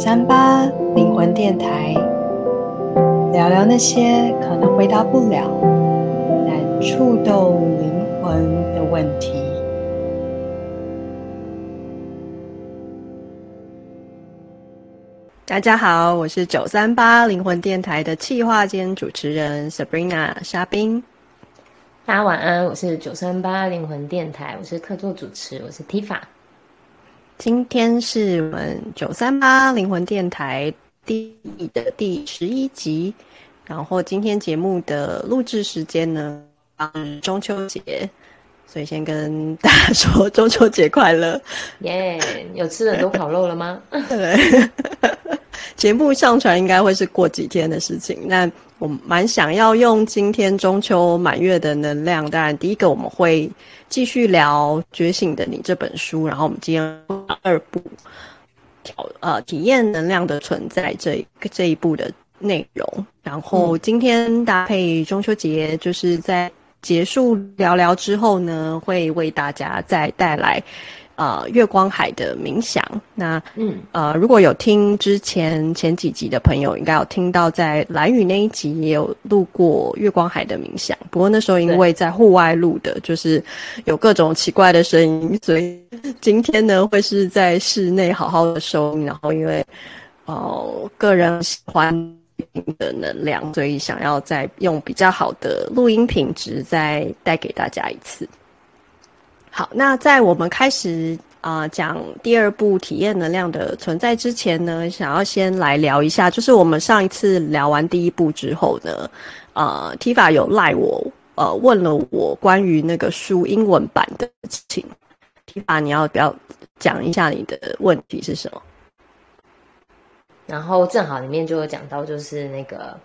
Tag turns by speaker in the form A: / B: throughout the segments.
A: 九三八靈魂電台，聊聊那些可能回答不了，但觸動靈魂的問題。
B: 大家好，我是九三八靈魂電台的企劃兼主持人 Sabrina
C: 莎賓。大家晚安，我是九三八靈魂電台，我是客座主持，我是 Tifa。
B: 今天是我們九三八靈魂電台第一季的第十一集，然後今天節目的錄製時間呢，嗯，中秋節。所以先跟大家說中秋節快樂，耶
C: ！Yeah, 有吃的都烤肉了嗎？ 對。
B: 節對 目上傳應該會是過幾天的事情。那我蠻想要用今天中秋滿月的能量。當然，第一個我們會繼續聊《覺醒的你》這本書，然後我們今天第二部，調呃體驗能量的存在這一這一部的內容。然後今天搭配中秋節，就是在、嗯。結束聊聊之後呢，會為大家再帶來，呃，月光海的冥想。那嗯呃，如果有聽之前前幾集的朋友，應該有聽到在蘭嶼那一集也有錄過月光海的冥想。不過那時候因為在戶外錄的，就是有各種奇怪的聲音，對所以今天呢，會是在室內好好的收音。然後因為哦、呃，個人喜歡。的能量，所以想要再用比較好的錄音品質，再帶給大家一次。好，那在我們開始啊講、呃、第二部體驗能量的存在之前呢，想要先來聊一下，就是我們上一次聊完第一部之後呢，啊、呃，Tifa 有賴我，呃，問了我關於那個書英文版的事情。Tifa，ifa，你要不要講一下你的問題是什麼？
C: 然後正好裡面就有講到，就是那個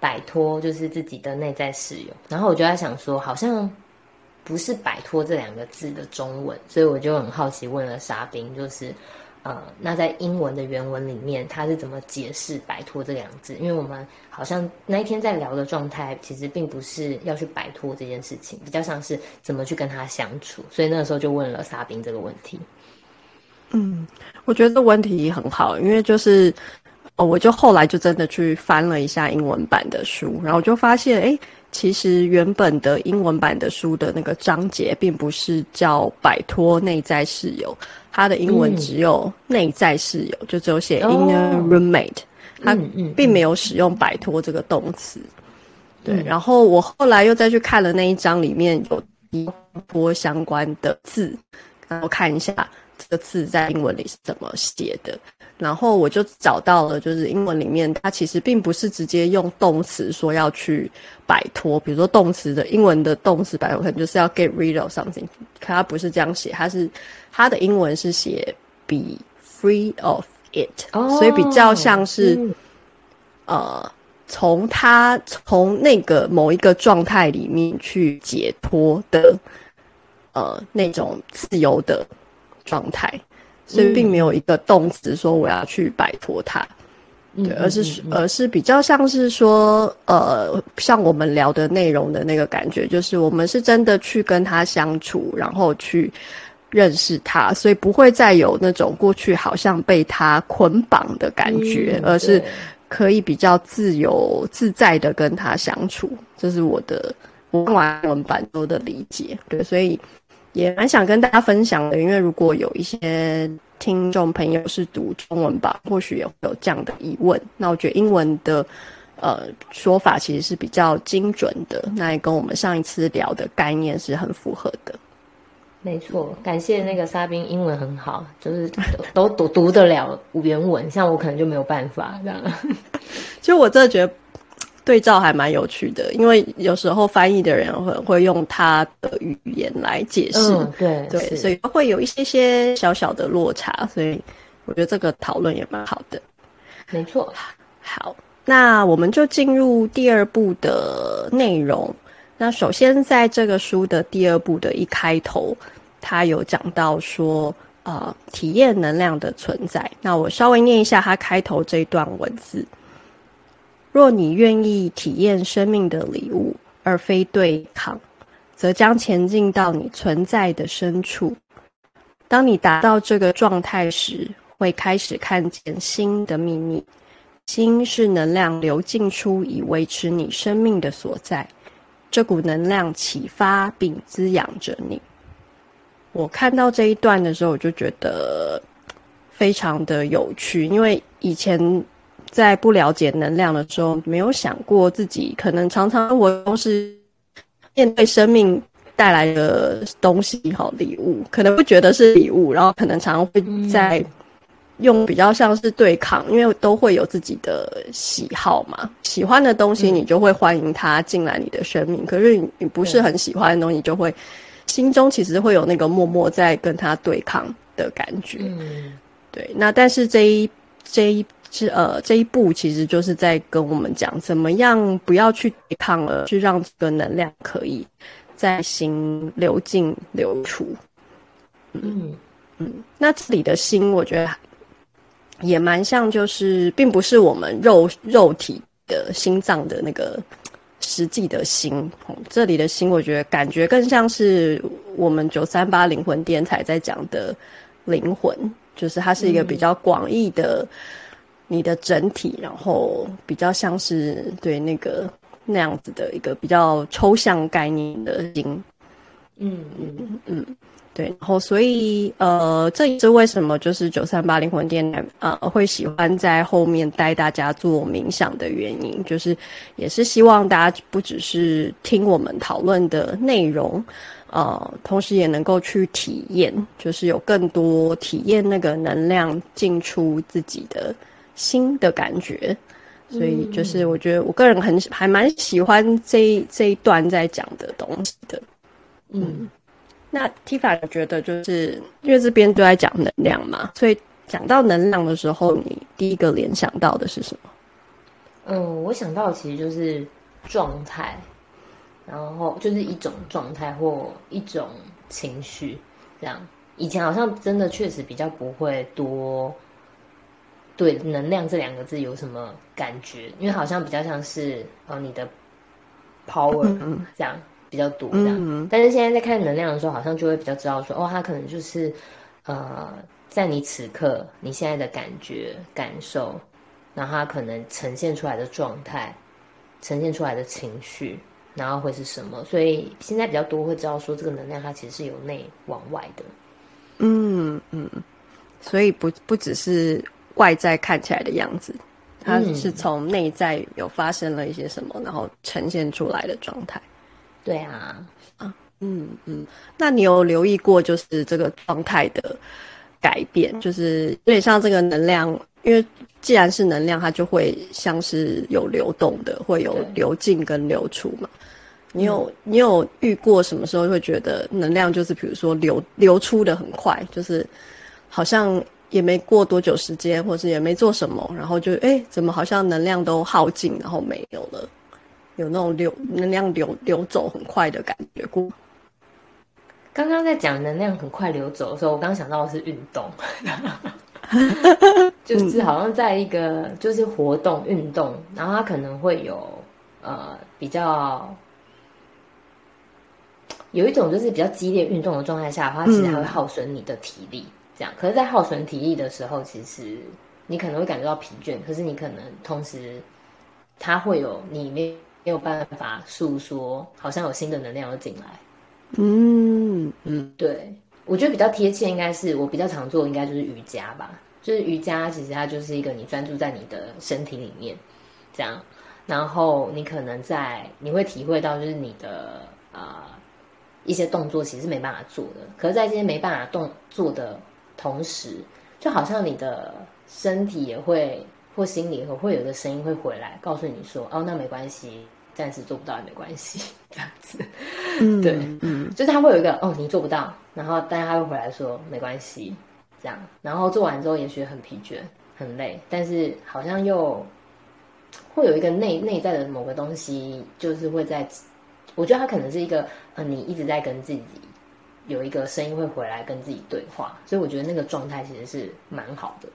C: 擺脫，就是自己的內在室友。然後我就在想說，好像不是“擺脫”這兩個字的中文，所以我就很好奇問了莎賓，就是呃，那在英文的原文裡面，他是怎麼解釋“擺脫”這兩個字？因為我們好像那一天在聊的狀態，其實並不是要去擺脫這件事情，比較像是怎麼去跟他相處。所以那時候就問了莎賓這個問題。嗯，
B: 我覺得這問題很好，因為就是。哦，我就後來就真的去翻了一下英文版的書，然後我就發現，哎、欸，其實原本的英文版的書的那個章節並不是叫“擺脫內在室友”，他的英文只有，有“內在室友”，就只有寫 “inner roommate”，他、oh、並沒有使用“擺脫”這個動詞。嗯嗯嗯、對，然後我後來又再去看了那一章，裡面有一波相關的字，然後看一下這個字在英文裡是怎麼寫的。然後我就找到了，就是英文裡面它其實並不是直接用動詞說要去擺脫，比如說動詞的英文的動詞擺脫，可能就是要 get rid of something，可它不是這樣寫，它是它的英文是寫 be free of it，、oh，所以比較像是、嗯、呃從他從那個某一個狀態裡面去解脫的呃那種自由的狀態。所以並沒有一個動詞說我要去擺脫他。嗯、對，而是而是比較像是說，呃，像我們聊的內容的那個感覺，就是我們是真的去跟他相處，然後去認識他，所以不會再有那種過去好像被他捆綁的感覺，嗯、而是可以比較自由自在的跟他相處。這是我的我完文版都的理解，對，所以也蠻想跟大家分享的，因為如果有一些。聽眾朋友是讀中文吧？或許也會有這樣的疑問。那我覺得英文的，呃，說法其實是比較精準的，那也跟我們上一次聊的概念是很符合的。
C: 沒錯，感謝那個莎賓，英文很好，就是都讀讀得了原文， 像我可能就沒有辦法這樣。 就我真的覺得。對照還蠻有趣的，因為有
B: 時候翻譯的人會會用他的語言來解釋，對、嗯、對，對是所以會有一些些小小的落差，所以我覺得這個討論也蠻好的。沒
C: 錯，好，
B: 那我們就進入第二部的內容。那首先，在這個書的第二部的一開頭，他有講到說啊、呃，體驗能量的存在。那我稍微念一下他開頭這一段文字。若你願意體驗生命的禮物，而非對抗，則將前進到你存在的深處。當你達到這個狀態時，會開始看見心的秘密。心是能量流進出以維持你生命的所在，這股能量啟發並滋養着你。我看到這一段的時候，我就覺得非常的有趣，因為以前。在不了解能量的時候，沒有想過自己可能常常我都是面對生命帶來的東西哈、哦、禮物，可能不覺得是禮物，然後可能常常會在用比較像是對抗，嗯、因為都會有自己的喜好嘛，喜歡的東西你就會歡迎他進來你的生命，嗯、可是你不是很喜歡的東西，就會、嗯、心中其實會有那個默默在跟他對抗的感覺，嗯、對，那但是這一這一。是呃，這一步其實就是在跟我們講，怎麼樣不要去抵抗了，去讓這個能量可以在心流進流出。嗯
C: 嗯，
B: 那這裡的心，我覺得也蠻像，就是並不是我們肉肉體的心臟的那個實際的心，嗯。這裡的心，我覺得感覺更像是我們九三八靈魂電臺在講的靈魂，就是它是一個比較廣義的。嗯你的整體，然後比較像是對那個那樣子的一個比較抽象概念的心。嗯，嗯嗯嗯，對。然後所以呃，這也是為什麼就是九三八靈魂電台啊、呃、會喜歡在後面帶大家做冥想的原因，就是也是希望大家不只是聽我們討論的內容，呃，同時也能夠去體驗，就是有更多體驗那個能量進出自己的。新的感覺，所以就是我覺得我個人很還蠻喜歡這一這一段在講的東西的。嗯，那 Tifa 覺得就是因為這邊都在講能量嘛，所以講到能量的時候，你第一個聯想到的是什麼？嗯，
C: 我想到的其實就是狀態，然後就是一種狀態或一種情緒。這樣以前好像真的確實比較不會多。對能量這兩個字有什麼感覺？因為好像比較像是，哦，你的 power 這樣。嗯嗯，比較多這樣，嗯嗯，但是現在在看能量的時候，好像就會比較知道說，哦，它可能就是呃，在你此刻你現在的感覺感受，然後它可能呈現出來的狀態，呈現出來的情緒，然後會是什麼？所以現在比較多會知道說，這個能量它其實是由內往外的。嗯
B: 嗯，所以不不只是。外在看起來的樣子，它是從內在有發生了一些什麼，嗯、然後呈現出來的狀態。對啊，啊，嗯嗯。那你有留意過，就是這個狀態的改變，嗯、就是有點像這個能量，因為既然是能量，它就會像是有流動的，會有流進跟流出嘛。對你有你有遇過什麼時候會覺得能量就是，比如說流流出的很快，就是好像。也沒過多久時間，或是也沒做什麼，然後就哎，怎麼好像能量都耗盡，然後沒有了，有那種流能量流流走很快的感覺。剛
C: 剛在講能量很快流走的時候，我剛想到的是運動， 就是好像在一個就是活動、嗯、運動，然後它可能會有呃比較有一種就是比較激烈運動的狀態下的話，它其實還會耗損你的體力。嗯這樣，可是，在耗損體力的時候，其實你可能會感覺到疲倦。可是，你可能同時，它會有你沒沒有辦法訴說，好像有新的能量要進來。嗯嗯，對，我覺得比較貼切，應該是我比較常做，應該就是瑜伽吧。就是瑜伽，其實它就是一個你專注在你的身體裡面，這樣，然後你可能在你會體會到，就是你的啊、呃、一些動作其實是沒辦法做的。可是，在這些沒辦法動做的。同時，就好像你的身體也會或心裡也會會有一個聲音會回來告訴你說：“哦，那沒關係，暫時做不到也沒關係。”這樣子，嗯、對，嗯，就是他會有一個哦，你做不到，然後但他會回來說沒關係，這樣，然後做完之後也許很疲倦、很累，但是好像又會有一個內內在的某個東西，就是會在，我覺得他可能是一個嗯、呃，你一直在跟自己。有一個聲音會回來跟自己對話，所以我覺得那個狀態其實是蠻好的。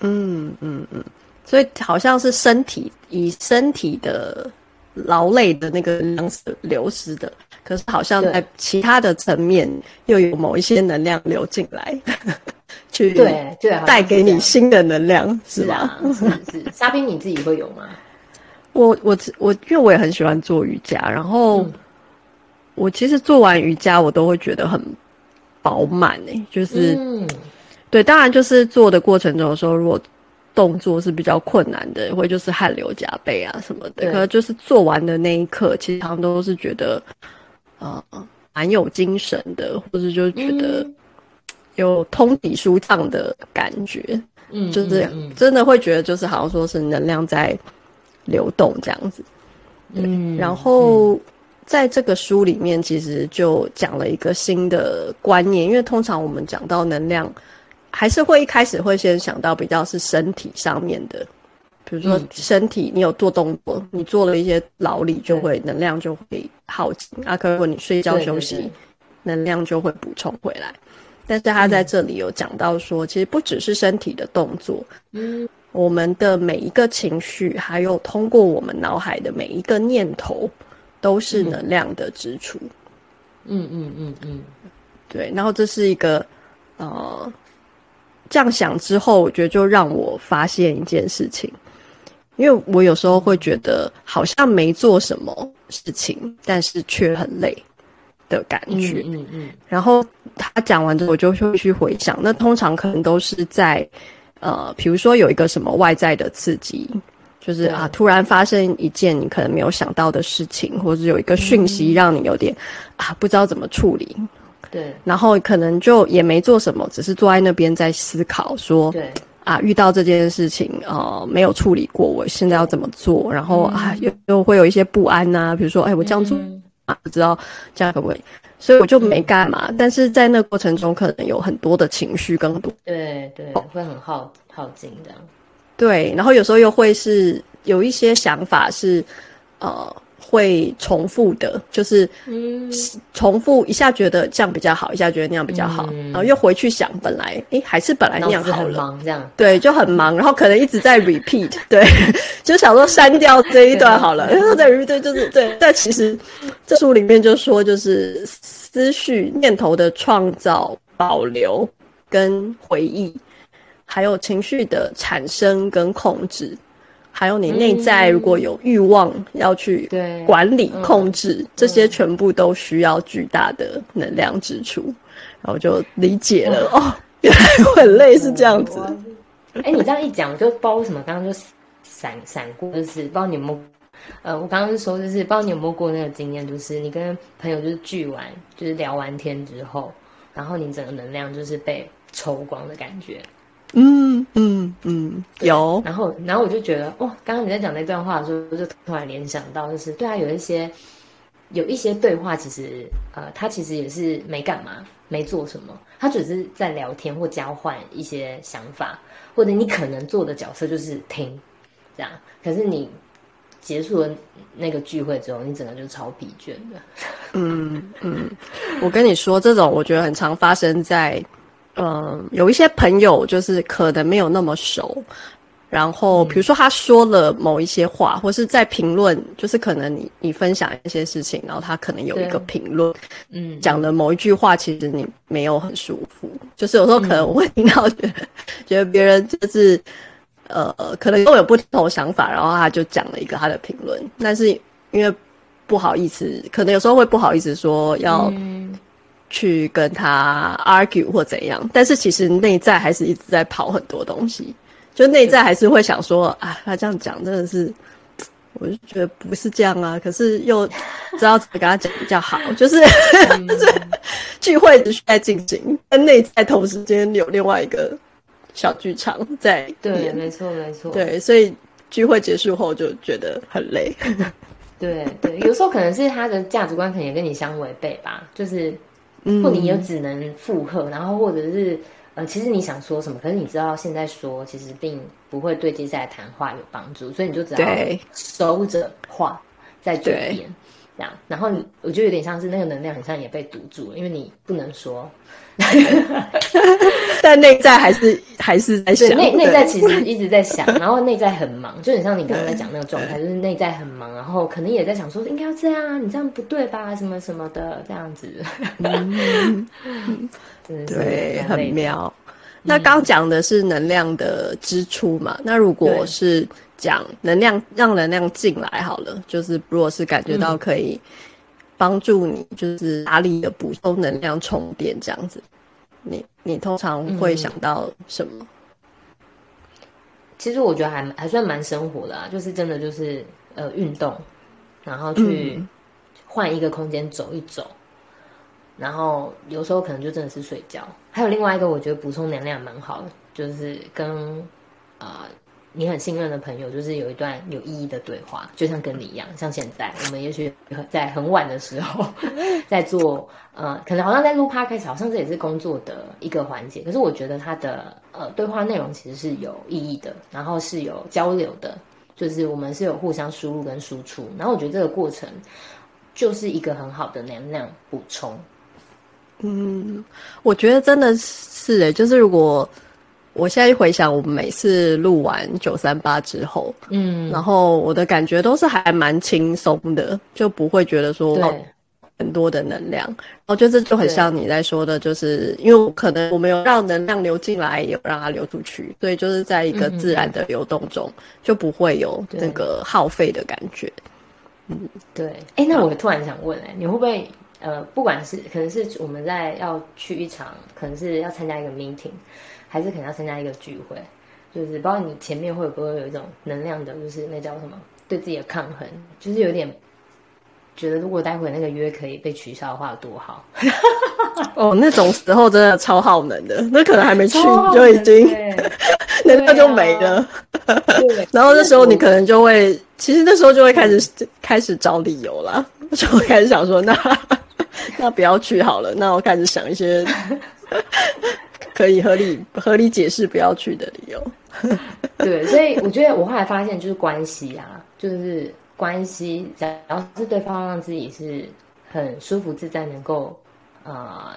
B: 嗯嗯嗯，所以好像是身體以身體的勞累的那個流失流失的，可是好像在其他的層面又有某一些能量流進來，對 去對，帶給你新的能量是，是吧？是、啊、是，
C: 是莎賓，你自己會有嗎？
B: 我我我，因為我也很喜歡做瑜伽，然後。嗯我其實做完瑜伽，我都會覺得很飽滿誒，就是，嗯、對，當然就是做的過程中的時候，如果動作是比較困難的，會就是汗流浹背啊什麼的，對可能就是做完的那一刻，其實好像都是覺得，啊、呃，蠻有精神的，或者就覺得有通體舒暢的感覺，嗯，就是這樣，真的會覺得就是好像說是能量在流動這樣子，對，嗯，然後。嗯在這個書裡面，其實就講了一個新的觀念，因為通常我們講到能量，還是會一開始會先想到比較是身體上面的，比如說身體，你有做動作，嗯、你做了一些勞力，就會對能量就會耗盡啊。可能如果你睡覺休息，對對對能量就會補充回來。但是他在這裡有講到說，嗯、其實不只是身體的動作，
C: 嗯，
B: 我們的每一個情緒，還有通過我們腦海的每一個念頭。都是能量的支出。嗯
C: 嗯嗯
B: 嗯，對。然後這是一個呃，這樣想之後，我覺得就讓我發現一件事情，因為我有時候會覺得好像沒做什麼事情，但是卻很累的感覺。嗯嗯。嗯嗯，然後他講完之後，我就會去回想，那通常可能都是在呃，比如說有一個什麼外在的刺激。就是啊，對突然發生一件你可能沒有想到的事情，或者是有一個訊息讓你有點、嗯、啊，不知道怎麼處理。對，然後可能就也沒做什麼，只是坐在那邊在思考說，說對啊，遇到這件事情啊，呃，沒有處理過，我現在要怎麼做？然後、嗯、啊，又又會有一些不安吶，啊，比如說哎，我這樣做啊，嗯、不知道這樣可不可以？所以我就沒幹嘛。嗯、但是在那過程中，可能有很多的情緒更多，
C: 對對，會很耗耗盡這樣。
B: 對，然後有時候又會是有一些想法是，呃，會重複的，就是、
C: 嗯、
B: 重複一下，覺得這樣比較好，一下覺得那樣比較好，嗯、然後又回去想，本來誒還是本來那樣。好了。腦子很忙，這樣對，就很忙，然後可能一直在 repeat， 對，就想說刪掉這一段好了， at, 對就在 repeat 就是對，但其實這書裡面就說就是思緒念頭的創造、保留跟回憶。還有情緒的產生跟控制，還有你內在如果有慾望、嗯、要去管理對控制，嗯、這些全部都需要巨大的能量支出。嗯、然後就理解了，嗯、
C: 哦，原來我很累，嗯、是這樣子。哎、欸，你這樣一講，就包我就不知道為什麼剛剛就閃閃過，就是不知道你有沒有呃，我剛剛就說就是不知道你有沒有過那個經驗，就是你跟朋友就是聚完就是聊完天之後，然後你整個能量就是被抽光的感覺。嗯嗯嗯，嗯嗯對有。然後，然後我就覺得，哦，剛剛你在講那段話的時候，我就突然聯想到，就是對他、啊、有一些，有一些對話，其實，呃，他其實也是沒幹嘛，沒做什麼，他只是在聊天或交換一些想法，或者你可能做的角色就是聽，這樣。可是你結束了那個聚會之後，你整個就超疲倦的。嗯
B: 嗯，嗯 我跟你說，這種我覺得很常發生在。嗯，有一些朋友就是可能沒有那麼熟，然後比如說他說了某一些話，嗯、或是在評論，就是可能你你分享一些事情，然後他可能有一個評論，嗯，講的某一句話，其實你沒有很舒服，對就是有時候可能我會聽到覺得別、嗯、人就是呃可能都有不同想法，然後他就講了一個他的評論，但是因為不好意思，可能有時候會不好意思說要、嗯。去跟他 argue 或怎樣，但是其實內在還是一直在跑很多東西，就內在還是會想說，對啊，他這樣講真的是，我就覺得不是這樣啊，可是又知道怎麼跟他講比較好， 就是、嗯、就是聚會就在進行，跟內在同時間有另外一個小劇場在，對，沒錯沒
C: 錯，對，
B: 所以聚會結束後就覺得很累，
C: 對對，有時候可能是他的價值觀可能也跟你相違背吧，就是。嗯，或你又只能附和，然後或者是，呃，其實你想說什麼，可是你知道現在說其實並不會對接下來談話有幫助，所以你就只要收着話在嘴邊，對這樣。然後你，我覺得有點像是那個能量，好像也被堵住了，因為你不能說。
B: 但內在還是還是在想內內對對在其實一
C: 直在想， 然後內在很忙，就很像你剛剛在講那個狀態， 就是內在很忙，然後可能也在想說應該要這樣，你這樣不對吧，什麼什麼的這樣子。對，很妙。
B: 那剛講的是能量的支出嘛？那如果是講能量讓能量進來好了，就是如果是感覺到可以。嗯幫助你就是哪裡的補充能量充電這樣子，你
C: 你通常會想到什麼？嗯、其實我覺得還還算蠻生活的、啊，就是真的就是呃運動，然後去換一個空間走一走，嗯、然後有時候可能就真的是睡覺。還有另外一個我覺得補充能量蠻好的，就是跟呃。你很信任的朋友，就是有一段有意義的對話，就像跟你一樣，像現在我們也許在很晚的時候，在做，呃，可能好像在錄 podcast，好像這也是工作的一個環節，可是我覺得他的呃對話內容其實是有意義的，然後是有交流的，就是我們是有互相輸入跟輸出，然後我覺得這個過程就是一個很好的能量補充。嗯，
B: 我覺得真的是、欸，誒就是如果。我現在一回想，我們每次錄完九三八之後，嗯，然後我的感覺都是還蠻輕鬆的，就不會覺得說對很多的能量。然後就是就很像你在說的，對就是因為可能我們有讓能量流進來，有讓它流出去，所以就是在一個自然的流動中，嗯
C: 嗯就不會
B: 有那個
C: 耗費的感覺。對嗯，對。哎、欸，那我突然想問、欸，哎，你會不會呃，不管是可能是我們在要去一場，可能是要參加一個 meeting？還是肯定要參加一個聚會，就是不知道你前面會不會有一種能量的，就是那叫什麼，對自己的抗衡，就是有點覺得如果待會兒那個約可以被取消的話，有多好。
B: 哦，那種時候真的超耗能的，那可能還沒去就已經能量
C: 對就沒了。
B: 啊、 然後那時候你可能就會，其實那時候就會開始開始找理由了，就會開始想說 那那不要去好了，那我開始想一些。 可以合理合理解釋不要去的理由， 對，
C: 所以我覺得我後來發現就是關係啊，就是關係，只要是對方讓自己是很舒服自在，能夠呃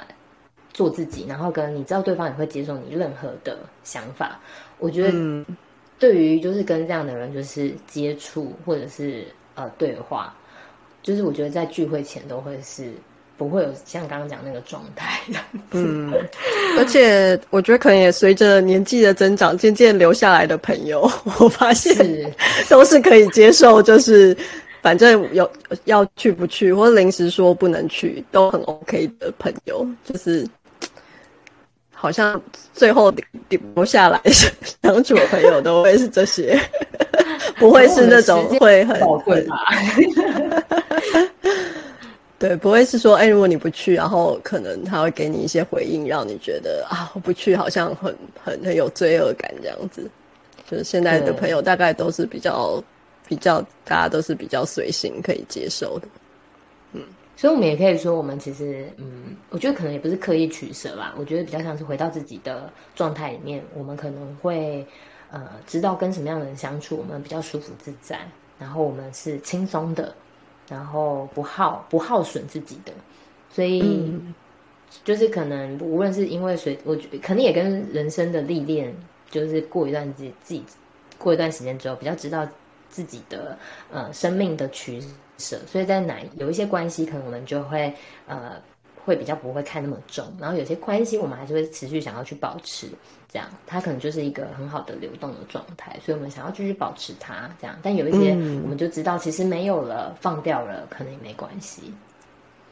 C: 做自己，然後跟你知道對方也會接受你任何的想法，我覺得對於就是跟這樣的人就是接觸或者是呃對話，就是我覺得在聚會前都會是。不會有像剛剛講那個狀態，嗯，而
B: 且我覺得可能也隨着年紀的增長，漸漸留下來的朋友，我發現是都是可以接受。就是反正有要去不去，或者臨時說不能去，都很 OK 的。朋友就是好像最後頂留下來相處 的朋友，都會是這些，不會是那種會很寶貴的。 對，不會是說，哎，如果你不去，然後可能他會給你一些回應，讓你覺得啊，我不去好像很很很有罪惡感這樣子。就是現在的朋友大概都是比較比較，大家都是比較隨性可以接受的。
C: 嗯，所以我們也可以說，我們其實，嗯，我覺得可能也不是刻意取捨吧。我覺得比較像是回到自己的狀態裡面，我們可能會呃，知道跟什麼樣的人相處，我們比較舒服自在，然後我們是輕鬆的。然後不耗不耗損自己的，所以、嗯、就是可能無論是因為誰，我覺得可能也跟人生的歷練，就是過一段自自己過一段時間之後，比較知道自己的呃生命的取捨，所以在哪有一些關係，可能我們就會呃會比較不會看那麼重，然後有些關係，我們還是會持續想要去保持。這樣，它可能就是一個很好的流動的狀態，所以我們想要繼續保持它。這樣，但有一些我們就知道，其實沒有了，嗯、放掉了，可能也沒關係。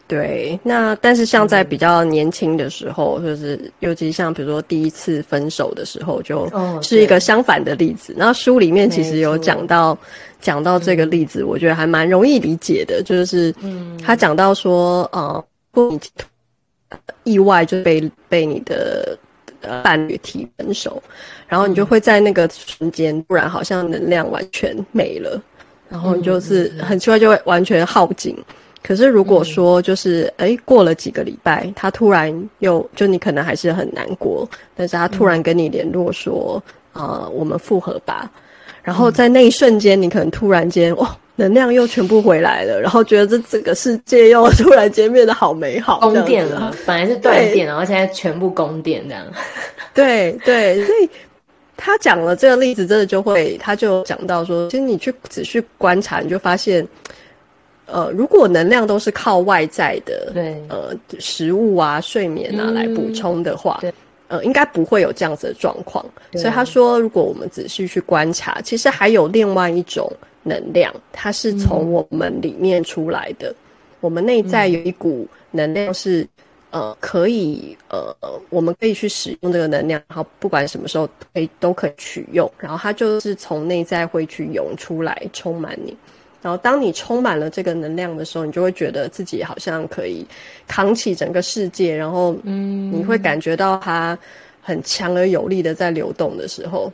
B: 對，那但是像在比較年輕的時候，嗯、就是尤其像比如說第一次分手的時候，就是一個相反的例子。哦、然後書裡面其實有講到，講到，講到這個例子，我覺得還蠻容易理解的，嗯、就是嗯，他講到說，嗯、呃、不意外就被被你的。伴侶提分手，然後你就會在那個瞬間，突然好像能量完全沒了，嗯、然後你就是很奇怪就會完全耗盡。可是如果說就是、嗯、誒過了幾個禮拜，他突然又就你可能還是很難過，但是他突然跟你聯絡說啊、嗯呃、我們復合吧，然後在那一瞬間你可能突然間哦。能量又全部回來了，然後覺得這整個世界
C: 又突然間變得好美好，供電了，本來是斷電，對然後現在全部供電這樣。
B: 對對、對，所以他講了這個例子，真的就會，他就講到說，其實你去仔細觀察，你就發現，呃，如果能量都是靠外在的，對，呃，食物啊、睡眠啊、嗯、來補充的話，對，呃，應該不會有這樣子的狀況。所以他說，如果我們仔細去觀察，對其實還有另外一種。能量，它是從我們裡面出來的。嗯、我們內在有一股能量是，是、嗯、呃，可以呃，我們可以去使用這個能量，然後不管什麼時候可以都可以取用。然後它就是從內在會去湧出來，充滿你。然後當你充滿了這個能量的時候，你就會覺得自己好像可以扛起整個世界。然後，嗯，你會感覺到它很強而有力的在流動的時候。嗯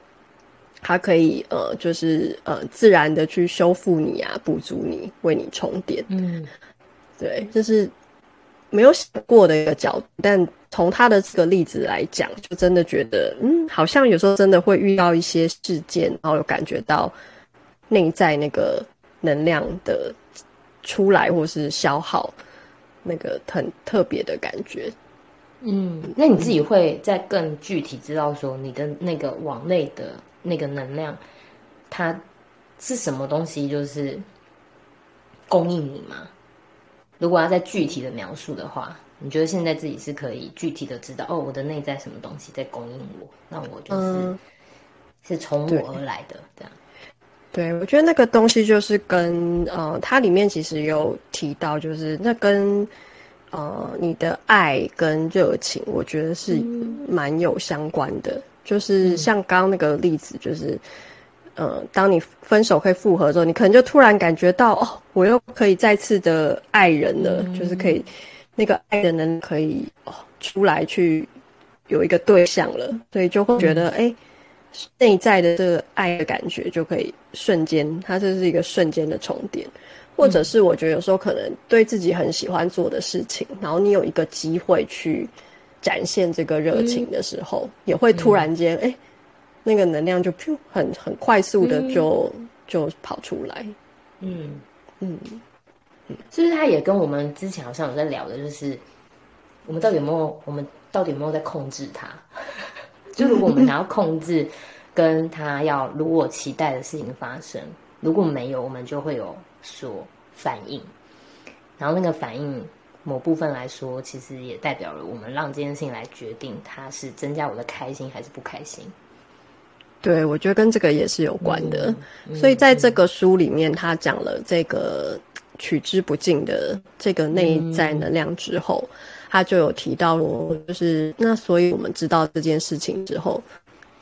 B: 他可以呃，就是呃，自然的去修復你啊，補足你，為你充電。嗯，對，就是沒有想過的一個角度，但從他的這個例子來講，就真的覺得，嗯，好像有時候真的會遇到一些事件，然後有感覺到內在那個能量的出來或是消耗，
C: 那個很特別的感覺。嗯，嗯，那你自己會再更具體知道說你的那個往內的。那個能量，它是什麼東西？就是供應你嗎？如果要再具體的描述的話，你覺得現在自己是可以具體的知道哦？我的內在什麼東西在供應我？那我就是、嗯、是從我而來的，對這樣。
B: 對，我覺得那個東西就是跟呃，它裡面其實有提到，就是那跟呃，你的愛跟熱情，我覺得是蠻有相關的。嗯就是像剛剛那個例子，嗯、就是，呃，當你分手可以復合的時候，你可能就突然感覺到哦，我又可以再次的愛人了，嗯、就是可以那個愛的人能可以哦出來去有一個對象了，所以就會覺得哎，內在的這個愛的感覺就可以瞬間，它這是一個瞬間的重疊，或者是我覺得有時候可能對自己很喜歡做的事情，然後你有一個機會去。展現這個熱情的時候，嗯、也會突然間、嗯欸，那個能量就很很快速的就、嗯、就跑出來。嗯
C: 嗯，就是、嗯、他也跟我們之前好像有在聊的，就是我們到底有沒有，我們到底有沒有在控制它？ 就如果我們想要控制，跟他要如果期待的事情發生， 如果沒有，我們就會有所反應，然後那個反應。某部分來說，其實也代表了我們讓這件事情來決定它是增加我的開心還是不開心。
B: 對，我覺得跟這個也是有關的。嗯、所以在這個書裡面，他講了這個取之不盡的這個內在能量之後，嗯、他就有提到，就是那所以我們知道這件事情之後，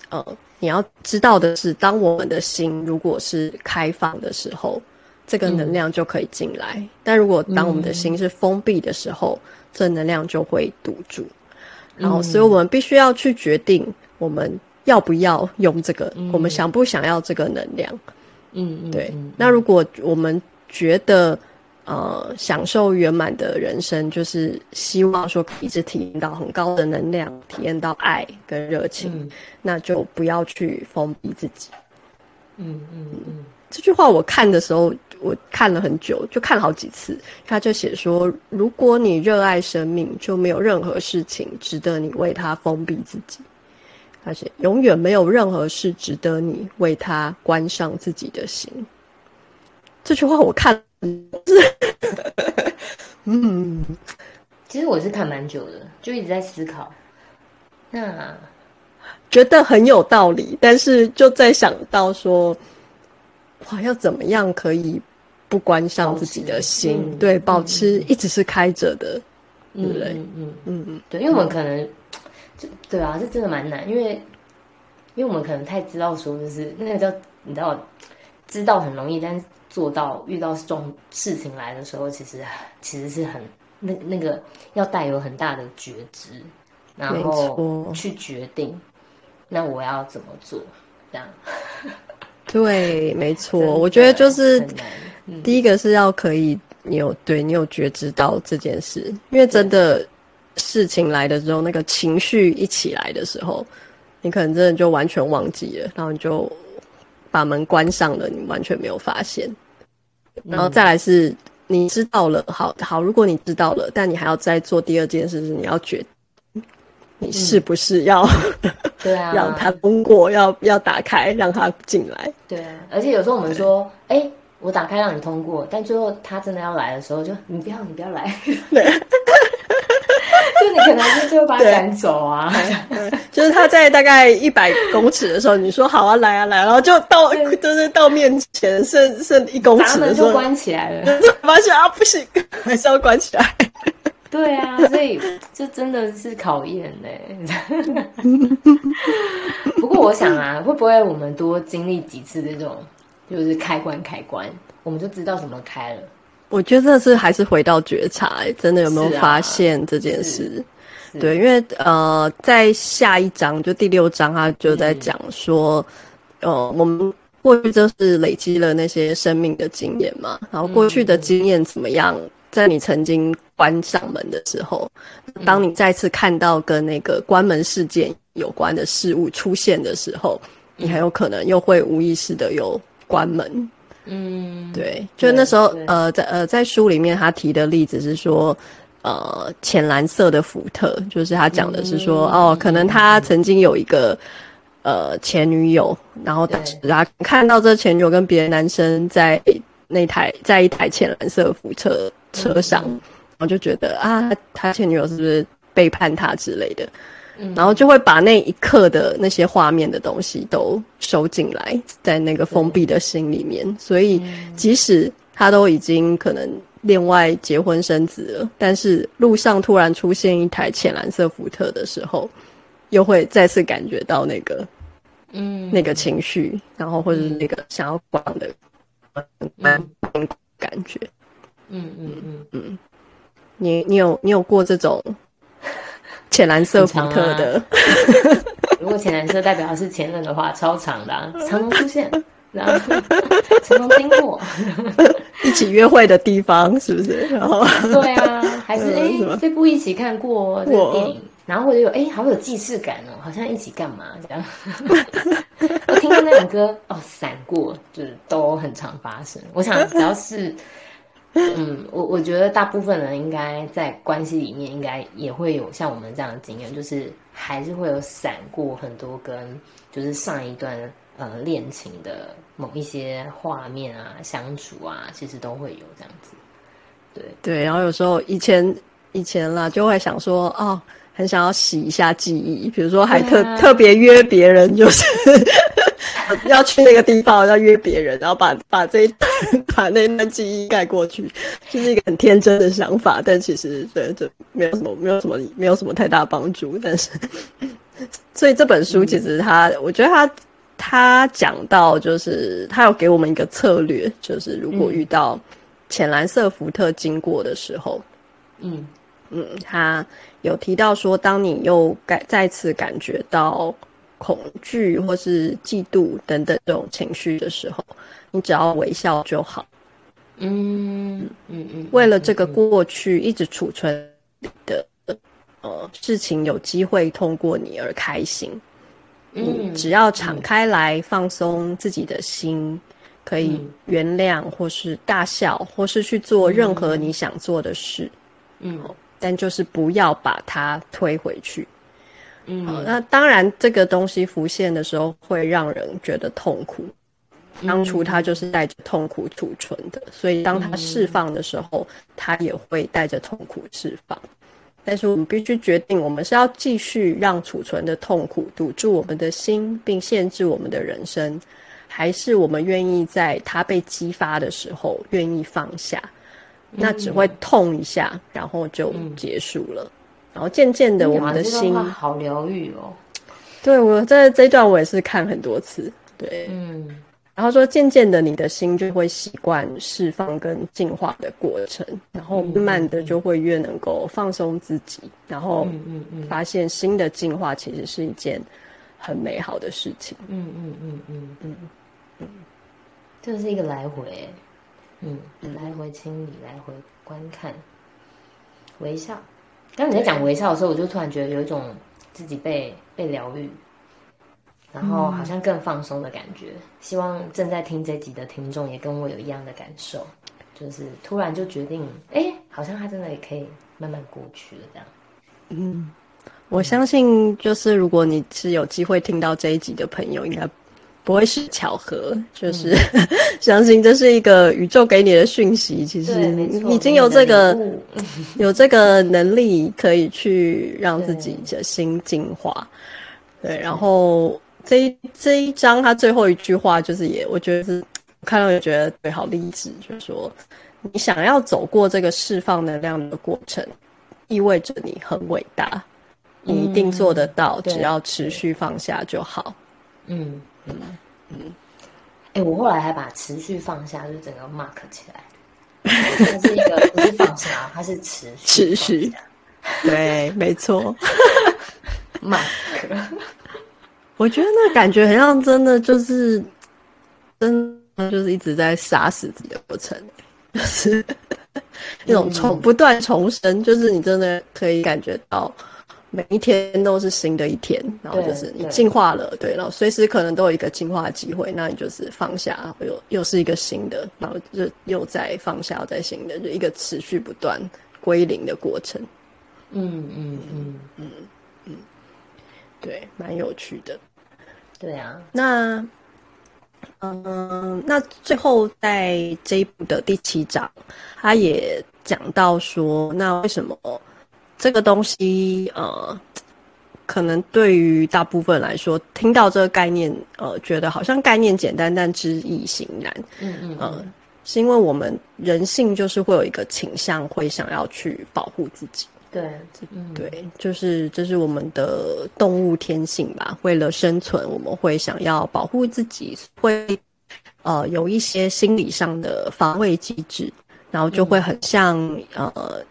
B: 呃，你要知道的是，當我們的心如果是開放的時候，這個能量就可以進來，嗯、但如果當我們的心是封閉的時候，這、嗯、能量就會堵住。嗯、然後，所以我們必須要去決定我們要不要用這個，嗯、我們想不想要這個能量。嗯，對。嗯嗯、那如果我們覺得呃，享受圓滿的人生，就是希望說可以一直體驗到很高的能量，體驗到愛跟熱情，嗯、那就不要去封閉自己。嗯嗯嗯。嗯嗯這句話我看的時候，我看了很久，就看了好幾次。他就寫說：“如果你熱愛生命，就沒有任何事情值得你為他封閉自己。”他寫，而且永遠沒有任何事值得你為他關上自己
C: 的心。這句話我看， 嗯，其實我是看蠻久的，就一直在思考。
B: 那覺得很有道理，但是就在想到說，哇，要怎麼樣可以不關上自己的心？嗯、對，保持一直是開着的，對、嗯、對。
C: 嗯嗯嗯嗯，對，嗯、對，因為我們可能、嗯、對啊，這真的蠻難，因為因為我們可能太知道說，就是那個叫你知道，知道很容易，但是做到，遇到這種事情來的時候，其實其實是很那那個要帶有很大的覺知，然後去決定，沒錯。那我要怎麼做這樣。
B: 對，沒錯，的我覺得就是、嗯、第一個是要可以你有對你有覺知到這件事，因為真的，真的事情來的時候，那個情緒一起來的時候，你可能真的就完全忘記了，然後你就把門關上了，你完全沒有發現。嗯、然後再來是你知道了，好好，如果你知道了，但你還要再做第二件事是你要覺知。你是不是要、
C: 嗯、對啊？ 讓他通過，要要打開，讓他進來。對啊，而且有時候我們說，哎對、欸，我打開讓你通過，但最後他真的要來的時候就，就你不要，你不要來。 對 就你可能就最後把他趕走
B: 啊。就是他在大概一百公尺的時候，你說好啊，來啊，來，然後就到對就是到面前剩剩一公尺的時候，就關起來了。
C: 就是發現啊，不行，還是要關起來。 對啊，所以這真的是考驗呢、欸。 不過我想啊，會不會我們多經歷幾次這種，就是開關開關，我們就知道怎麼開了。
B: 我覺得這是還是回到覺察、欸，真的有沒有發現這件事？啊、對，因為呃，在下一章就第六章、啊，他就在講說，是呃，我們過去就是累積了那些生命的經驗嘛，然後過去的經驗怎麼樣？嗯在你曾經關上門的時候，當你再次看到跟那個關門事件有關的事物出現的時候，嗯、你很有可能又會無意識的有關門。嗯，對，就那時候，呃，在呃，在書裡面他提的例子是說，呃，淺藍色的福特，就是他講的是說，嗯、哦，可能他曾經有一個、嗯、呃前女友，然後當時他看到這前女友跟別的男生在那台在一台淺藍色的福特。車上，我、嗯嗯、就覺得啊，他前女友是不是背叛他之類的，嗯、然後就會把那一刻的那些畫面的東西都收進來，在那個封閉的心裡面。對所以，即使他都已經可能另外結婚生子了，嗯、但是路上突然出現一台淺藍色福特的時候，又會再次感覺到那個，嗯，嗯，那個情緒，然後或者是那個想要逛的，感覺。嗯嗯嗯嗯嗯嗯，嗯嗯你你有你有過這種淺藍色福特的、
C: 啊？ 如果淺藍色代表的是前任的話，超長的、啊，常常出現， 然後常常經過，
B: 一起約會的地方是不是？然
C: 後對啊，還是哎、嗯欸、這一部一起看過的、哦、麼個電影，然後我就有哎、欸、好有既視感哦，好像一起幹嘛這樣？ 我聽過那首歌哦，閃過就是都很常發生。我想只要是。 嗯，我我覺得大部分人應該在關係裡面，應該也會有像我們這樣的經驗，就是還是會有閃過很多跟就是上一段呃戀情的某一些畫面啊、相處啊，其實都會有這樣子。對
B: 對，然後有時候以前以前啦，就會想說哦，很想要洗一下記憶，比如說還特、啊、特別約別人，就是。 要去那個地方，要約別人，然後把把這一段把那段記憶蓋過去，就是一個很天真的想法。但其實，對，這沒有什麼，沒有什麼，沒有什麼太大幫助。但是，所以這本書其實他，嗯、我覺得他他講到，就是他有給我們一個策略，就是如果遇到淺藍色福特經過的時候，嗯嗯，他、嗯、有提到說，當你又感再次感覺到。恐懼或是嫉妒等等這種情緒的時候，你只要微笑就好。嗯嗯話嗯，為了這個過去一直儲存的、嗯、呃事情有機會通過你而開心，嗯，只要敞開來放鬆自己的心，可以原諒或是大笑，嗯啊、或是去做任何你想做的事，嗯，但、嗯喔、就是不要把它推回去。好，那、嗯啊、當然，這個東西浮現的時候會讓人覺得痛苦。嗯、當初它就是帶着痛苦儲存的，所以當它釋放的時候，它、嗯、也會帶着痛苦釋放。但是我們必須決定，我們是要繼續讓儲存的痛苦堵住我們的心，並限制我們的人生，還是我們願意在它被激發的時候，願意放下？
C: 那只會
B: 痛一下，嗯、然後就結束了。嗯嗯然後漸漸的，我們的心、嗯、
C: 好療癒哦。
B: 對，我在這一段我也是看很多次。
C: 對，
B: 嗯。然後說，漸漸的，你的心就會習慣釋放跟淨化的過程，然後慢慢的就會越能夠放鬆自己，嗯嗯嗯，然後嗯
A: 嗯，發
B: 現心的淨化其實是一件很美好的事情。
C: 嗯，嗯嗯嗯嗯嗯，這是一個來回，嗯，嗯，來回清理，來回觀看，微笑。剛剛你在講微笑的時候，對我就突然覺得有一種自己被被療癒，
B: 然後好
C: 像更放鬆的感覺。嗯、希望正在聽這集的聽眾也跟我有一樣的感受，就是突然就決定，哎、欸，好像他真的也可以慢慢過去了這樣。
B: 嗯，我相信就是如果你是有機會聽到這一集的朋友，應該。不會是巧合，就是、嗯、 相信這是一個宇宙給你的訊息。嗯、其實你已經有這個、那個、有這個能力，可以去讓自己的心淨化。對，對，然後這一這一章他最後一句話，就是也我覺得是看到就覺得對，好勵志。就是說你想要走過這個釋放能量的過程，意味着你很偉大，
C: 你一定
B: 做得到。嗯、只要持續放
C: 下就好。對嗯。嗯嗯，哎、嗯欸，我後來還把持續放下，就整個 mark 起來。它、嗯、是一個不是放下， 它是持續持
B: 續。對，沒錯。 mark，我覺得那感覺很像真的就是，真的就是一直在殺死自己的過程，就是那、嗯、 種重不斷重生，就是你真的可以感覺到。每一天都是新的一天，然後就是你進化了，對，對，對，然後隨時可能都有一個進化的機會，那你就是放下，又又是一個新的，然後就又再放下，再新的，就一個持續不斷歸零的過程。嗯嗯
C: 嗯嗯嗯，對，蠻有趣的。對啊，
B: 那嗯，那最後在這一部的第七章，他也講到說，那為什麼？這個東西，呃，可能對於大部分來說，聽到這個概念，呃，覺得好像概念簡單，但知易行難。嗯嗯。嗯、呃，是因為我們人性就是會有一個傾向，會想要去保護自己。
C: 對，嗯、對，
B: 就是這、就是我們的動物天性吧。為了生存，我們會想要保護自己，會呃有一些心理上的防衛機制，然後就會很像、嗯、呃。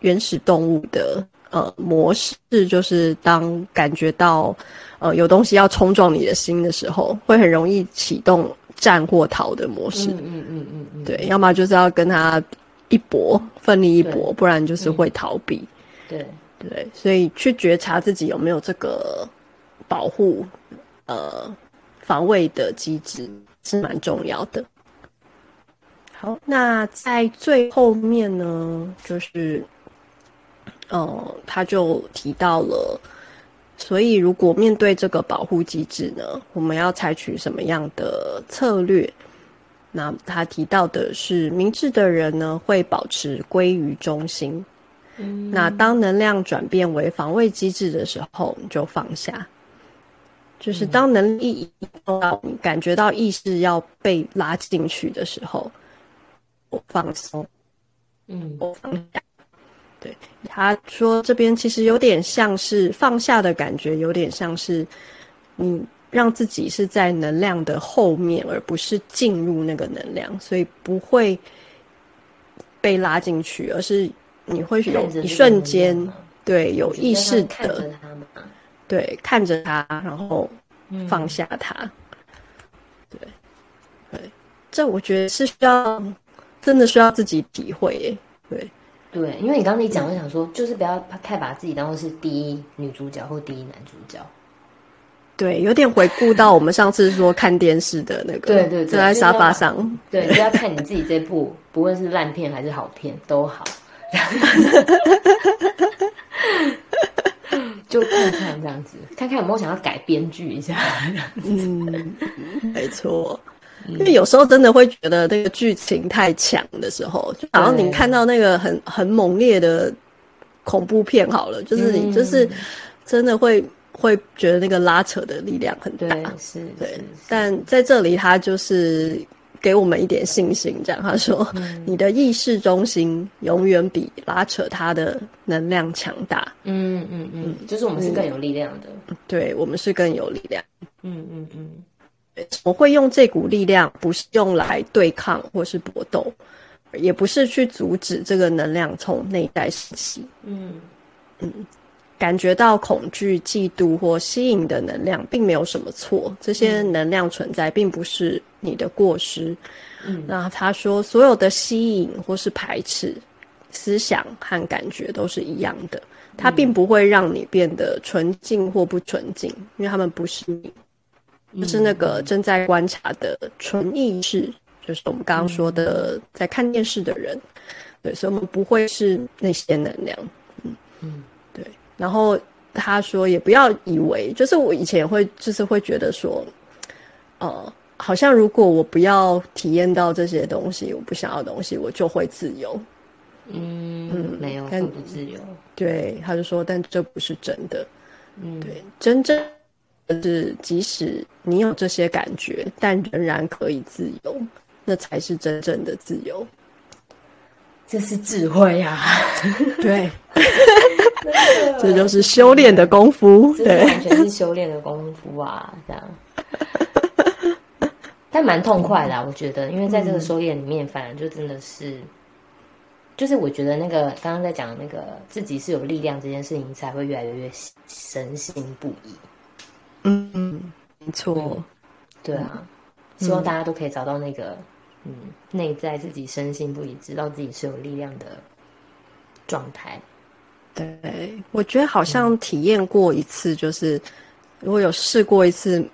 B: 原始動物的呃模式就是，當感覺到，呃有東西要衝撞你的心的時候，會很容易啟動戰或逃的模式。嗯嗯嗯，嗯對，要麼就是要跟他一搏，奮力一搏，對不然就是會逃避。嗯、
C: 對
B: 對，所以去覺察自己有沒有這個保護、呃防衛的機制是蠻重要的。好，那在最後面呢，就是。哦、嗯，他就提到了，所以如果面對這個保護機制呢，我們要採取什麼樣的策略？那他提到的是，明智的人呢，會保持歸於中心。嗯、那當能量轉變為防衛機制的時候，你就放下。就是當能力到，嗯、感覺到意識要被拉進去的時候，我放鬆。嗯，我放下。嗯對，他說：“這邊其實有點像是放下的感覺，有點像是你讓自己是在能量的後面，而不是進入那個能量，所以不會被拉進去，而是你會有一瞬間，對，有意識的，對，看着他，然後放下他。嗯、對，對，這
C: 我覺得是需要真的
B: 需要自己體會，對。”對，因為你剛剛一講，嗯、我想
C: 說，就是不要太把自己當做是第一女主角或第一男主角。
B: 對，有點回顧到我們上次說看電視的那個，對對，坐在沙發上，
C: 對，對，對，不要，對要看你自己這部， 不論是爛片還是好片都好， 就看這樣子，看看有沒有想要改編劇一下，這樣子嗯，沒 錯。因為有時候真
B: 的會覺得那個劇情太強的時候，就好像你看到那個很很猛烈的恐怖片，好了，就是你、嗯、就是真的會會覺得那個拉扯的力量很大，對是、是、是，對。但在這裡，他就是給我們一點信心，這樣他說：“嗯、你的意識中心永遠比拉扯他的能量強大。嗯”嗯嗯嗯，
C: 就是我們是更有力量的，
B: 對我們是更有力量。嗯嗯嗯。嗯嗯我會用這股力量，不是用來對抗或是搏鬥，也不是去阻止這個能量從內在吸習。嗯嗯，感覺到恐懼、嫉妒或吸引的能量，並沒有什麼錯。這些能量存在，並不是你的過失。嗯，那他說，所有的吸引或是排斥，思想和感覺都是一樣的，它並不會讓你變得純淨或不純淨，因為他們不是你。就是那個正在觀察的純意識，嗯嗯、就是我們剛剛說的在看電視的人，嗯、對，所以我們不會是那些能量，嗯嗯，對。然後他說，也不要以為，就是我以前也會，就是會覺得說，哦、呃，好像如果我不要體驗到這些東西，我不想要東西，我就會自由，嗯，嗯沒有，根本不自由。對，他就說，但這不是真的，嗯，對，真正。就是，即使你有這些感覺，但仍然可以自由，那才是真正的自由。
C: 這是智慧呀、啊， 對， 這就是修煉的功夫， 對，這完全是修煉的功夫啊，這樣， 但蠻痛快的、啊，我覺得，因為在這個修煉裡面，反正就真的是，嗯、就是我覺得那個剛剛在講那個自己是有力量這件事情，才會越來越深信不疑。
B: 嗯嗯，沒錯、嗯，
C: 對啊，嗯、希望大家都可以找到那個嗯內、嗯、在自己深信不疑，知道自己是有力量的狀態。對，
B: 我覺得好像體驗過一次，就是、嗯、如果有試過一次，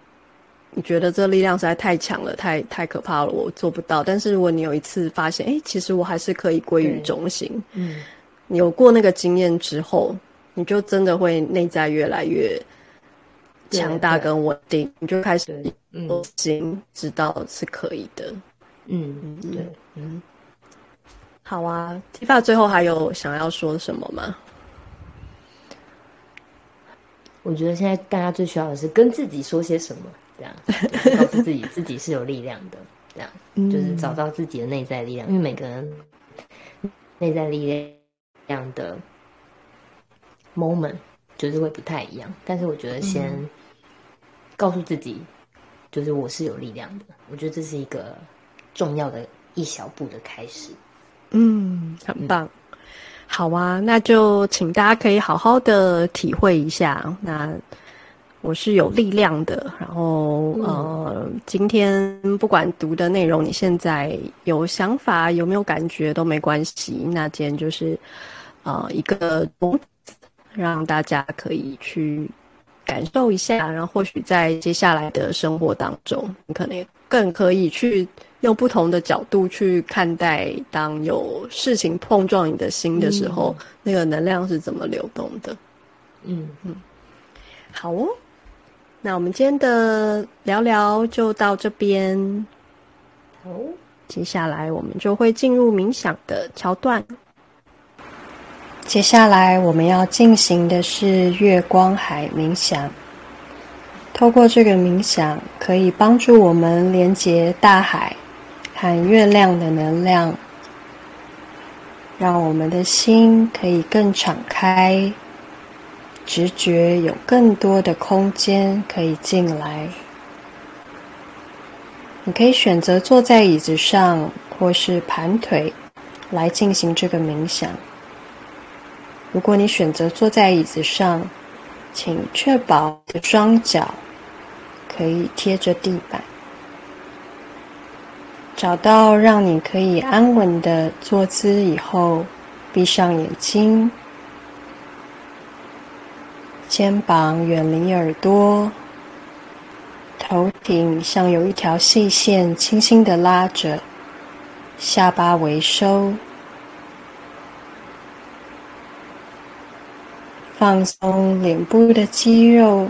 B: 你覺得這力量實在太強了，太太可怕了，我做不到。但是如果你有一次發現，哎、欸，其實我還是可以歸於中心。嗯，你有過那個經驗之後，你就真的會內在越來越強大跟穩定，你就開始，我、嗯、已經知道是可以的。嗯嗯，
C: 對，嗯，
B: 好啊。T 爸最後還有想要說
C: 什麼嗎？我覺得現在大家最需要的是跟自己說些什麼，這樣、就是、告訴自，自己自己是有力量的。 這樣就是找到自己的內在力量，嗯、因為每個人內在力量的 moment 就是會不太一樣。但是我覺得先、嗯。告訴自己，就是我是有力量的。我覺得這是一個重要的一小步的開始。
B: 嗯，很棒。嗯、好啊，那就請大家可以好好的體會一下。那我是有力量的。然後、嗯、呃，今天不管讀的內容，你現在有想法有沒有感覺都沒關係。那今天就是呃一個讓大家可以去。感受一下，然後或許在接下來的生活當中，你可能更可以去用不同的角度去看待，當有事情碰撞你的心的時候，嗯、那個能量是怎麼流動的。嗯嗯，好哦，那我們今天的聊聊就到這邊。好哦，接下來我們就會進入冥想的橋段。
A: 接下來我們要進行的是月光海冥想。透過這個冥想，可以幫助我們連接大海和月亮的能量，讓我們的心可以更敞開，直覺有更多的空間可以進來。你可以選擇坐在椅子上，或是盤腿來進行這個冥想。如果你選擇坐在椅子上，請確保你的雙腳可以貼着地板，找到讓你可以安穩的坐姿以後，閉上眼睛，肩膀遠離耳朵，頭頂像有一條細線輕輕的拉着，下巴微收。放鬆臉部的肌肉，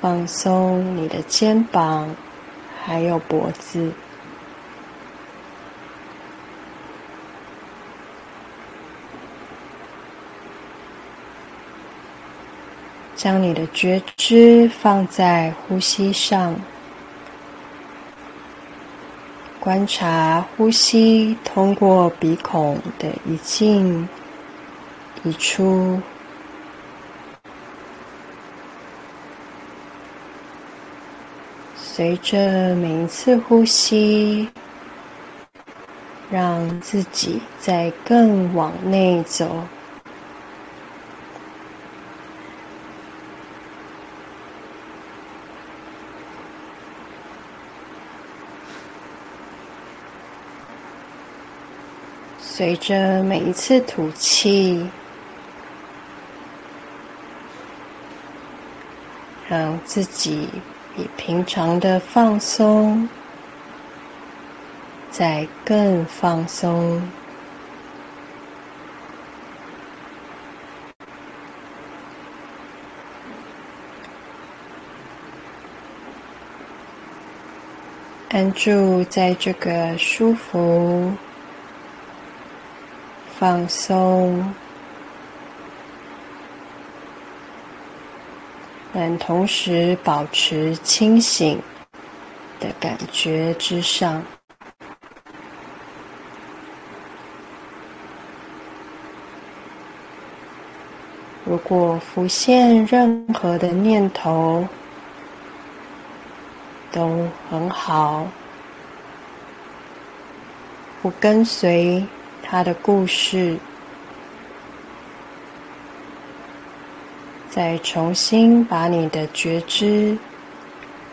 A: 放鬆你的肩膀，還有脖子。將你的覺知放在呼吸上，觀察呼吸通過鼻孔的一進。提出隨着每一次呼吸，讓自己再更往內走。隨着每一次吐氣。讓自己比平常的放鬆，再更放鬆，安住在這個舒服、放鬆，但同時保持清醒的感覺之上，如果浮現任何的念頭，都很好，不跟隨他的故事。再重新把你的覺知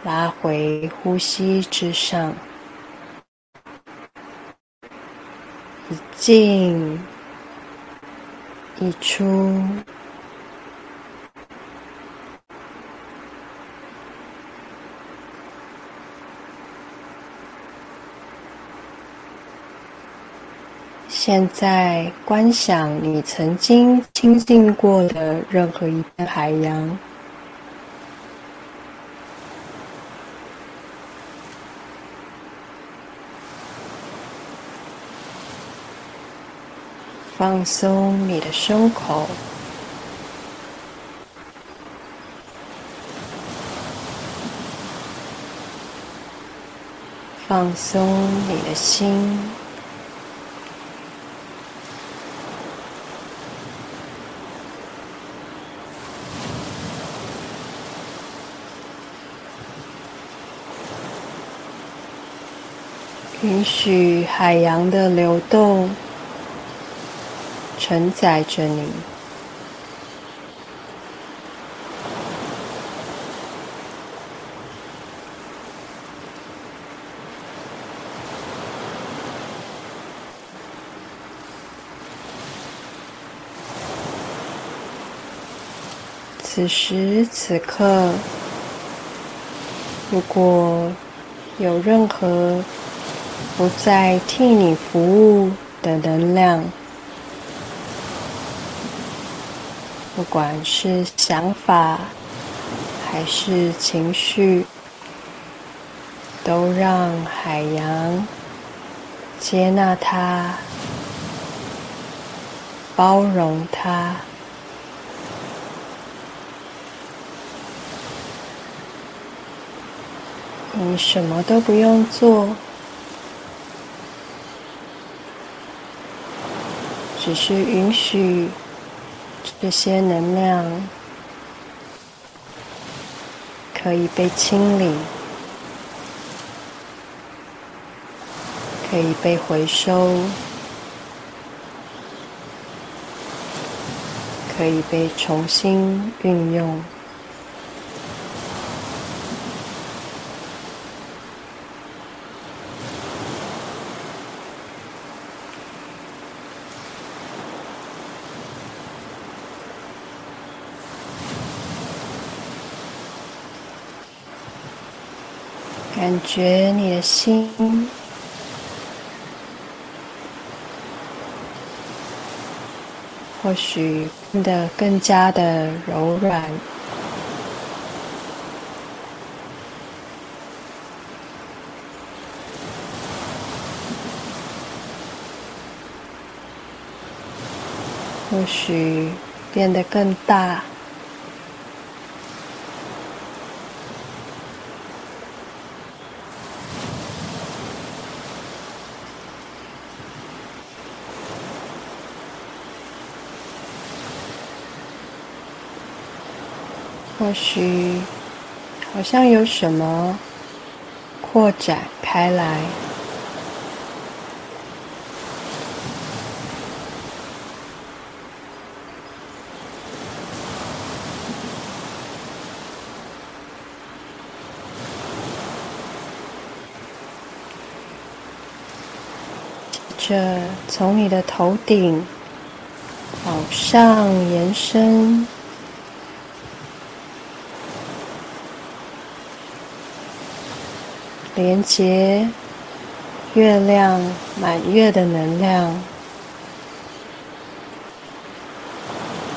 A: 拉回呼吸之上，一進一出。現在觀想你曾經親近過的任何一片海洋，放鬆你的胸口，放鬆你的心。允許海洋的流動承載着你。此時此刻，如果有任何不再替你服務的能量，不管是想法還是情緒，都讓海洋接納它、包容它。你什麼都不用做。只是允許這些能量可以被清理，可以被回收，可以被重新運用。覺你的心，或許變得更加的柔軟，或許變得更大。或許好像有什麼擴展開來，這從你的頭頂往上延伸。連接月亮滿月的能量，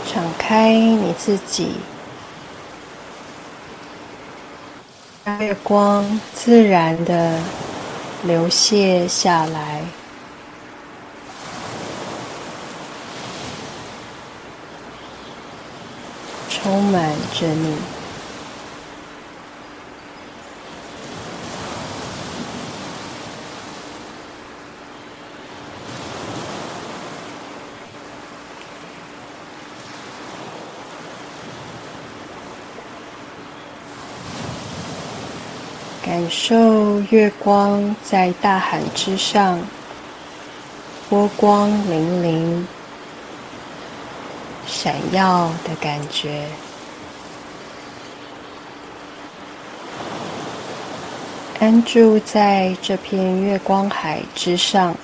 A: 敞開你自己，讓月光自然的流瀉下來，充滿着你。感受月光在大海之上，波光粼粼、閃耀的感覺。安住在這片月光海之上，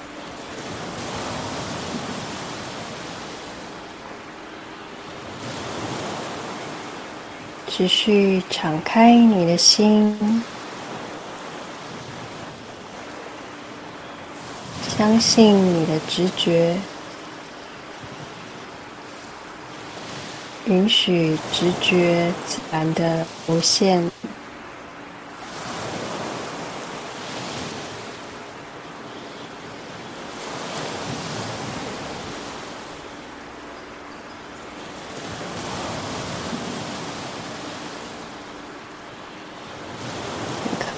A: 持續敞開你的心。相信你的直覺，允許直覺自然的浮現。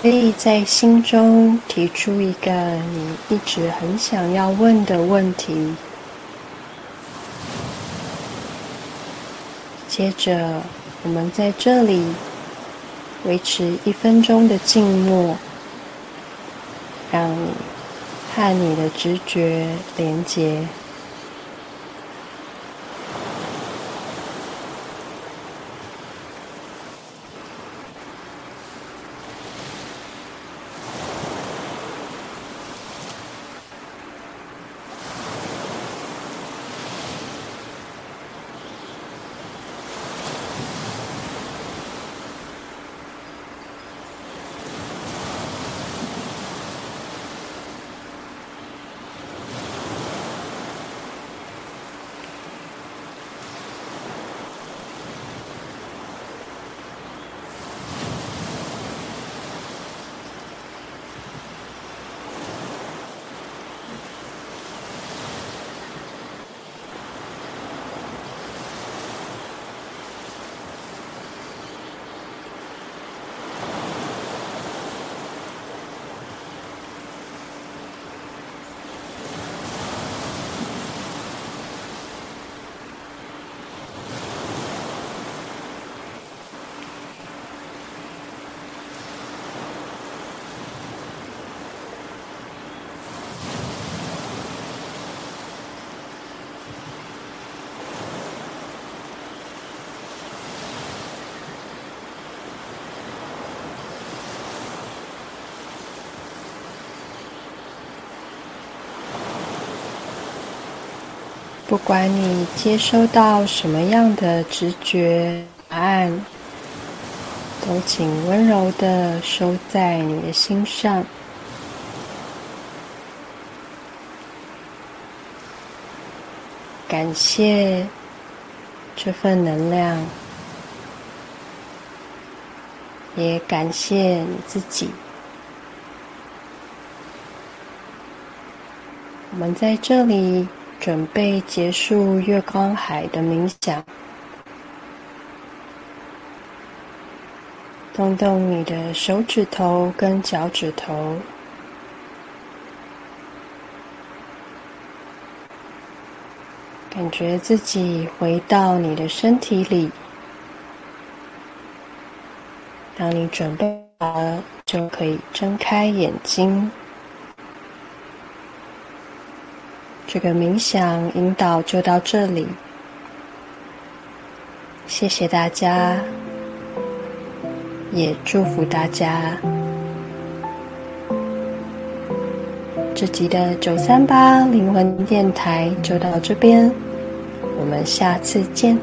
A: 可以在心中提出一個你一直很想要問的問題，接着我們在這裡維持一分鐘的靜默，讓你和你的直覺連接。不管你接收到什麼樣的直覺答案，都請溫柔地收在你的心上。感謝這份能量，也感謝你自己。我們在這裡。準備結束月光海的冥想，動動你的手指頭跟腳趾頭，感覺自己回到你的身體裡。當你準備好了，就可以睜開眼睛。這個冥想引導就到這裡，謝謝大家，也祝福大家。這集的九三八靈魂電台就到這邊，我們下次見。